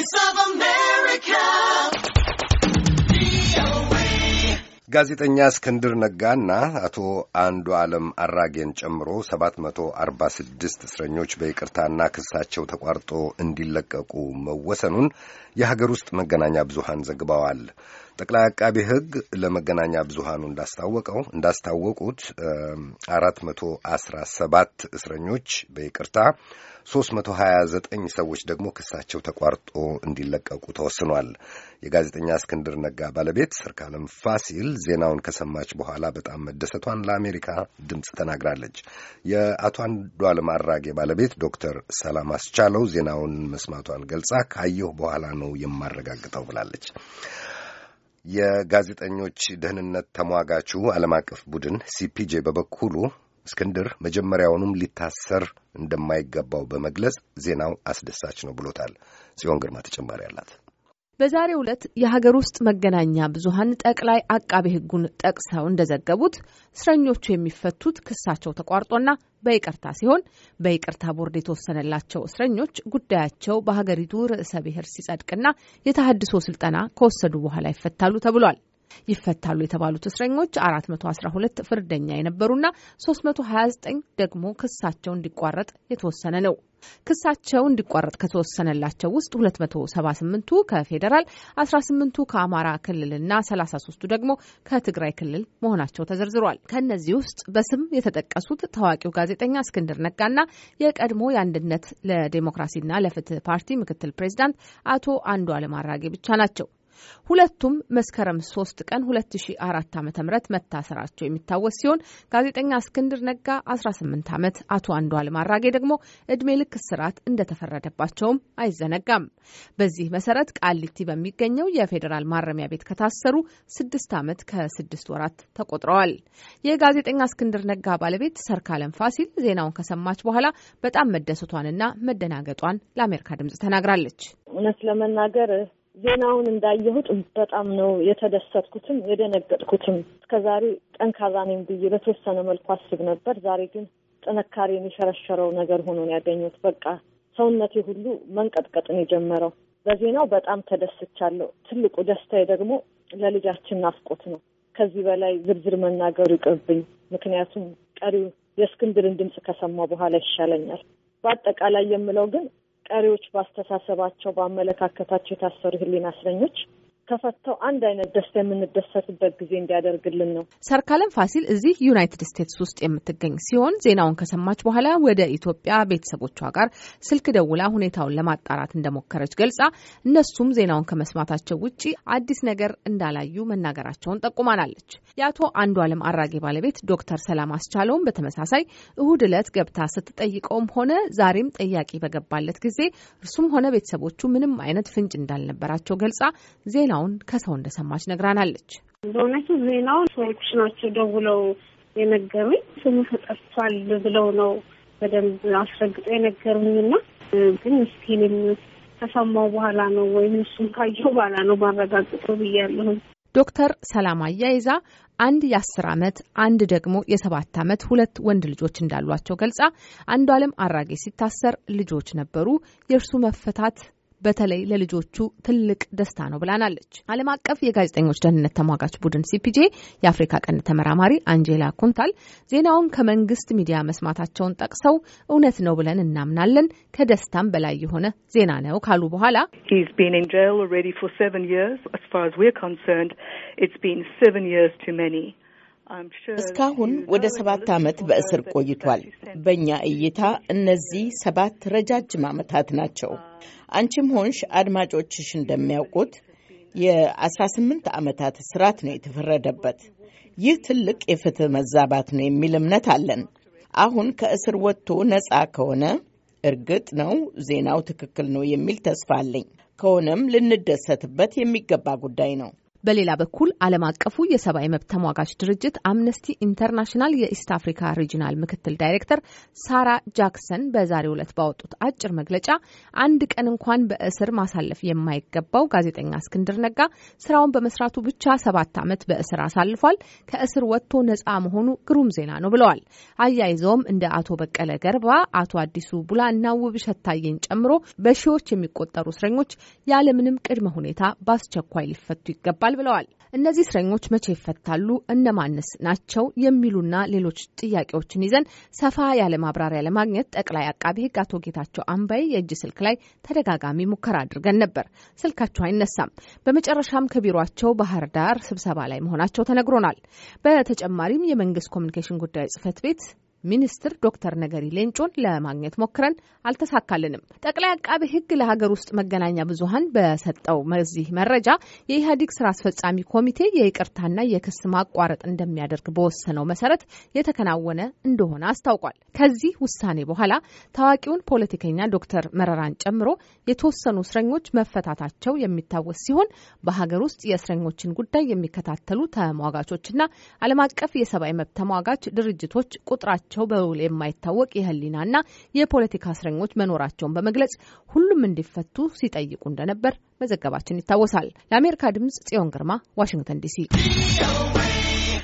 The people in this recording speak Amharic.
Voice of America. ጋዜጠኛ እስክንድር ነጋና አቶ አንዱ ዓለም አራጌን ጨምሮ 746 እስረኞች በይቅርታና ክሳቸው ተቋርጦ እንዲለቀቁ መወሰኑን የሀገር ውስጥ መገናኛ ብዙሃን ዘግበዋል። ጠቅላይ አቃቢ ሕግ ለመገናኛ ብዙሃኑ እንዳስታወቀው እንዳስታወቁት አራት መቶ አስራ ሰባት እስረኞች በይቅርታ ሶስት መቶ ሀያ ዘጠኝ ሰዎች ደግሞ ክሳቸው ተቋርጦ እንዲለቀቁ ተወስኗል። የጋዜጠኛ እስክንድር ነጋ ባለቤት ሰርካለም ፋሲል ዜናውን ከሰማች በኋላ በጣም መደሰቷን ለአሜሪካ ድምፅ ተናግራለች። የአቶ አንዷለም አራጌ ባለቤት ዶክተር ሰላም አስቻለው ዜናውን መስማቷን ገልጻ ካየሁ በኋላ ነው የማረጋግጠው ብላለች። የጋዜጠኞች ደህንነት ተሟጋቹ ዓለም አቀፍ ቡድን ሲፒጄ በበኩሉ እስክንድር መጀመሪያውኑም ሊታሰር እንደማይገባው በመግለጽ ዜናው አስደሳች ነው ብሎታል። ጽዮን ግርማ ተጨማሪ አላት። በዛሬው ዕለት የሀገር ውስጥ መገናኛ ብዙኃን ጠቅላይ አቃቤ ሕጉን ጠቅሰው እንደዘገቡት እስረኞቹ የሚፈቱት ክሳቸው ተቋርጦና በይቅርታ ሲሆን በይቅርታ ቦርድ የተወሰነላቸው እስረኞች ጉዳያቸው በሀገሪቱ ርዕሰ ብሔር ሲጸድቅና የተሀድሶ ስልጠና ከወሰዱ በኋላ ይፈታሉ ተብሏል። ይፈታሉ የተባሉት እስረኞች 412 ፍርደኛ የነበሩና 329 ደግሞ ክሳቸው እንዲቋረጥ የተወሰነ ነው። ክሳቸው እንዲቋረጥ ከተወሰነላቸው ውስጥ 278ቱ ከፌዴራል፣ 18ቱ ከአማራ ክልልና 33ቱ ደግሞ ከትግራይ ክልል መሆናቸው ተዘርዝሯል። ከእነዚህ ውስጥ በስም የተጠቀሱት ታዋቂው ጋዜጠኛ እስክንድር ነጋና የቀድሞ የአንድነት ለዴሞክራሲና ለፍትህ ፓርቲ ምክትል ፕሬዚዳንት አቶ አንዱዓለም አራጌ ብቻ ናቸው። ሁለቱም መስከረም ሶስት ቀን 2004 ዓ.ም አራት መታሰራቸው የሚታወስ ሲሆን ጋዜጠኛ እስክንድር ነጋ 18 ዓመት አቶ አንዷአለም አራጌ ደግሞ እድሜ ልክ እስራት እንደተፈረደባቸውም አይዘነጋም። በዚህ መሰረት ቃሊቲ በሚገኘው የፌዴራል ማረሚያ ቤት ከታሰሩ ስድስት ዓመት ከስድስት ወራት ተቆጥረዋል። የጋዜጠኛ እስክንድር ነጋ ባለቤት ሰርካለም ፋሲል ዜናውን ከሰማች በኋላ በጣም መደሰቷንና መደናገጧን ለአሜሪካ ድምጽ ተናግራለች። እውነት ለመናገር ዜናውን እንዳየሁት በጣም ነው የተደሰትኩትም የደነገጥኩትም። እስከዛሬ ጠንካራ ነኝ ብዬ በተወሰነ መልኩ አስብ ነበር። ዛሬ ግን ጥንካሬን የሸረሸረው ነገር ሆኖ ነው ያገኘሁት። በቃ ሰውነቴ ሁሉ መንቀጥቀጥን የጀመረው በዜናው በጣም ተደስቻለሁ። ትልቁ ደስታዬ ደግሞ ለልጃችን ናፍቆት ነው። ከዚህ በላይ ዝርዝር መናገሩ ይቅርብኝ፣ ምክንያቱም ቀሪው የእስክንድርን ድምፅ ከሰማ በኋላ ይሻለኛል። በአጠቃላይ የምለው ግን ቀሪዎች ባስተሳሰባቸው፣ በአመለካከታቸው የታሰሩ ህሊና እስረኞች ተፈተው አንድ አይነት ደስታ የምንደሰትበት ጊዜ እንዲያደርግልን ነው። ሰርካለም ፋሲል እዚህ ዩናይትድ ስቴትስ ውስጥ የምትገኝ ሲሆን ዜናውን ከሰማች በኋላ ወደ ኢትዮጵያ ቤተሰቦቿ ጋር ስልክ ደውላ ሁኔታውን ለማጣራት እንደሞከረች ገልጻ እነሱም ዜናውን ከመስማታቸው ውጪ አዲስ ነገር እንዳላዩ መናገራቸውን ጠቁማናለች። የአቶ አንዱ አለም አራጌ ባለቤት ዶክተር ሰላም አስቻለውም በተመሳሳይ እሁድ ዕለት ገብታ ስትጠይቀውም ሆነ ዛሬም ጠያቂ በገባለት ጊዜ እርሱም ሆነ ቤተሰቦቹ ምንም አይነት ፍንጭ እንዳልነበራቸው ገልጻ ዜናው ዜናውን ከሰው እንደሰማች ነግራናለች። በእውነቱ ዜናውን ሰዎች ናቸው ደውለው የነገሩኝ። ስሙ ተጠርቷል ብለው ነው በደንብ አስረግጠው የነገሩኝና ግን ምስኪንም ከሰማው በኋላ ነው ወይም እሱም ካየው በኋላ ነው ማረጋግጠው ብያለሁኝ። ዶክተር ሰላም አያይዛ አንድ የአስር ዓመት አንድ ደግሞ የሰባት ዓመት ሁለት ወንድ ልጆች እንዳሏቸው ገልጻ አንዷለም አራጌ ሲታሰር ልጆች ነበሩ የእርሱ መፈታት በተለይ ለልጆቹ ትልቅ ደስታ ነው ብላናለች። ዓለም አቀፍ የጋዜጠኞች ደህንነት ተሟጋች ቡድን ሲፒጄ የአፍሪካ ቀንድ ተመራማሪ አንጄላ ኩንታል ዜናውን ከመንግስት ሚዲያ መስማታቸውን ጠቅሰው እውነት ነው ብለን እናምናለን፣ ከደስታም በላይ የሆነ ዜና ነው ካሉ በኋላ እስካሁን ወደ ሰባት ዓመት በእስር ቆይቷል። በእኛ እይታ እነዚህ ሰባት ረጃጅም ዓመታት ናቸው። አንቺም ሆንሽ አድማጮችሽ እንደሚያውቁት የ18 ዓመታት እስራት ነው የተፈረደበት። ይህ ትልቅ የፍትህ መዛባት ነው የሚል እምነት አለን። አሁን ከእስር ወጥቶ ነፃ ከሆነ እርግጥ ነው ዜናው ትክክል ነው የሚል ተስፋ አለኝ። ከሆነም ልንደሰትበት የሚገባ ጉዳይ ነው። በሌላ በኩል ዓለም አቀፉ የሰብአዊ መብት ተሟጋች ድርጅት አምነስቲ ኢንተርናሽናል የኢስት አፍሪካ ሪጂናል ምክትል ዳይሬክተር ሳራ ጃክሰን በዛሬው ዕለት ባወጡት አጭር መግለጫ አንድ ቀን እንኳን በእስር ማሳለፍ የማይገባው ጋዜጠኛ እስክንድር ነጋ ስራውን በመስራቱ ብቻ ሰባት ዓመት በእስር አሳልፏል። ከእስር ወጥቶ ነጻ መሆኑ ግሩም ዜና ነው ብለዋል። አያይዘውም እንደ አቶ በቀለ ገርባ፣ አቶ አዲሱ ቡላ እና ውብሸት ታዬን ጨምሮ በሺዎች የሚቆጠሩ እስረኞች ያለምንም ቅድመ ሁኔታ በአስቸኳይ ሊፈቱ ይገባል ተደርጓል ብለዋል። እነዚህ እስረኞች መቼ ይፈታሉ? እነማንስ ናቸው? የሚሉና ሌሎች ጥያቄዎችን ይዘን ሰፋ ያለ ማብራሪያ ለማግኘት ጠቅላይ አቃቢ ሕግ አቶ ጌታቸው አምባይ የእጅ ስልክ ላይ ተደጋጋሚ ሙከራ አድርገን ነበር። ስልካቸው አይነሳም። በመጨረሻም ከቢሯቸው ባህር ዳር ስብሰባ ላይ መሆናቸው ተነግሮናል። በተጨማሪም የመንግስት ኮሚኒኬሽን ጉዳይ ጽህፈት ቤት ሚኒስትር ዶክተር ነገሪ ሌንጮን ለማግኘት ሞክረን አልተሳካልንም። ጠቅላይ አቃቢ ሕግ ለሀገር ውስጥ መገናኛ ብዙኃን በሰጠው መዚህ መረጃ የኢህአዴግ ስራ አስፈጻሚ ኮሚቴ የይቅርታና የክስ ማቋረጥ እንደሚያደርግ በወሰነው መሰረት የተከናወነ እንደሆነ አስታውቋል። ከዚህ ውሳኔ በኋላ ታዋቂውን ፖለቲከኛ ዶክተር መረራን ጨምሮ የተወሰኑ እስረኞች መፈታታቸው የሚታወስ ሲሆን በሀገር ውስጥ የእስረኞችን ጉዳይ የሚከታተሉ ተሟጋቾችና ዓለም አቀፍ የሰብአዊ መብት ተሟጋች ድርጅቶች ቁጥራቸው መሆናቸው በውል የማይታወቅ የህሊናና የፖለቲካ እስረኞች መኖራቸውን በመግለጽ ሁሉም እንዲፈቱ ሲጠይቁ እንደነበር መዘገባችን ይታወሳል። ለአሜሪካ ድምጽ ጽዮን ግርማ ዋሽንግተን ዲሲ